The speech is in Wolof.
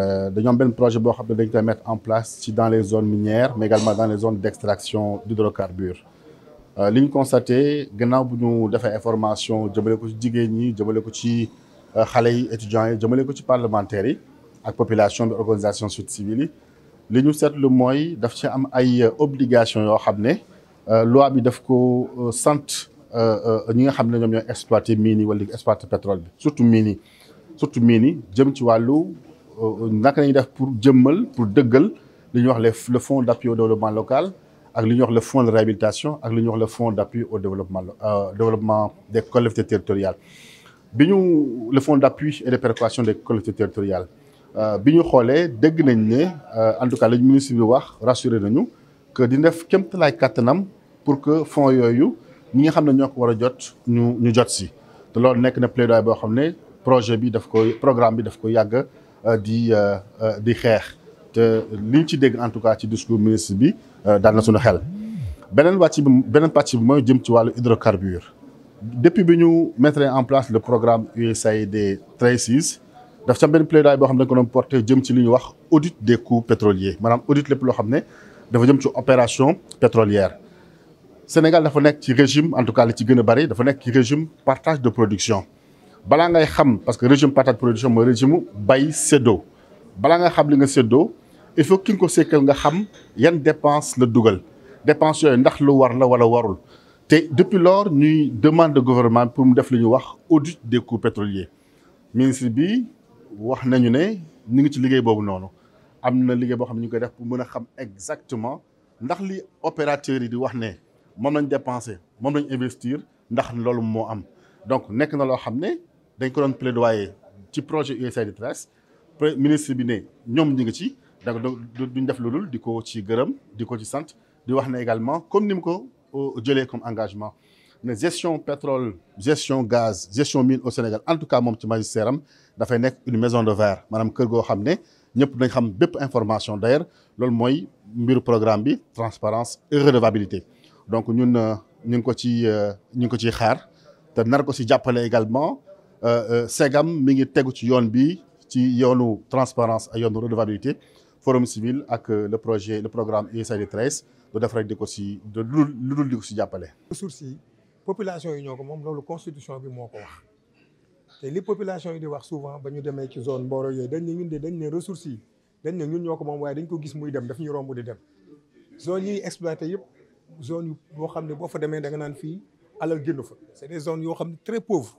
Euh, dañu am benn projet boo xam ne dañ mettre en place ci dans les zones minières mais également dans les zones d'extraction d'hydrocarbures euh, li ñu constaté gannaaw bu ñu defee information jëmale ko ci jigéen ñi jëmale ko ci euh, xale yi étudiants yi jëmale ko ci parlementaires yi ak population bi organisation société civile yi li ñu seetlu mooy daf ci am ay obligation yoo xam ne loi bi daf ko sant ñi nga xam ne ñoom ñooy exploiter mine yi wala exploiter pétrole bi surtout mini, surtout mini, yi jëm ci wàllu euh, naka la def pour jëmmal pour dëggal li wax le fonds d'appui au développement local ak wax le fonds de réhabilitation ak wax le fonds d'appui au développement euh, développement des collectivités territoriales biñu le fonds d'appui et de péréquation des collectivités territoriales euh biñu xolé dégg nañ né euh, en tout cas lañ ministre bi wax rassurer nañu que di def kémt lay katanam pour que fonds yoyu ñi nga xam ñoko wara ko jot ñu ñu jot ci te lool nek na plaidoyer bo xam projet bi daf koy programme bi daf koy yàgg euh, di euh, euh, di xeex te liñ ci en tout cas ci discours ministre bi daal na suñu xel partie, wàcc bi hydrocarbure depuis que nous mettons en place le programme USAID 36 nous avons a benn plaidoyer boo nous des coûts pétroliers Madame, audit lépp loo xam opération pétrolière Sénégal a un régime en tout cas li a bari dafa régime partage de production balaa ngay xam parce que régime patate production mooy régime mu bay séddoo balaa nga xam li nga il faut ki nga ko sekkal nga xam dépense le double dépense yooyu ndax lu war la wala warul te depuis lors ñuy demande de gouvernement pour mu def li wax audit des coûts pétroliers ministre bi wax nañu né ñu ngi ci liguey bobu noonu amna liguey bo xam ñu koy def pour mëna xam exactement ndax li opérateur yi di wax né mom lañ dépenser mom lañ investir ndax lolu mo am donc nek na lo xamné dañ ko doon plaidoyer ci projet USAID Trace ministre bi ne ñoom ñi ngi ci donc duñ def loolu diko ci gërëm diko ci sant di wax ne également comme nim ko euh, jëlé comme engagement mais gestion pétrole gestion gaz gestion mine au Sénégal en tout cas mom ci magistère da fay nek une maison de verre manam kër go xamné ne ñëpp dañ xam bépp information d'ailleurs lool moy mbir programme bi transparence et redevabilité donc ñun euh, ñing ko ci euh, ñing ko ci xaar te nar ko si jappalé également euh, euh, segam mi ngi tegu ci yoon bi ci yoonu transparence ak yoonu redevabilité forum civil ak euh, le projet le programme USAID 13 do def rek diko ci si lu dul di ko si ressources yi population yi ñoko mom lolu constitution bi moko wax té li population yi di wax souvent bañu démé ci zone Mboro yooyu dañ ne ñun dañ né ressources yi dañ né ñun ñoko mom way dañ ko gis muy dem daf ñu rombu di dem zone yi exploité yëpp zone yu bo xamné bo fa démé da nga naan fi alal gennu fa c'est des zones yo xamné très pauvres.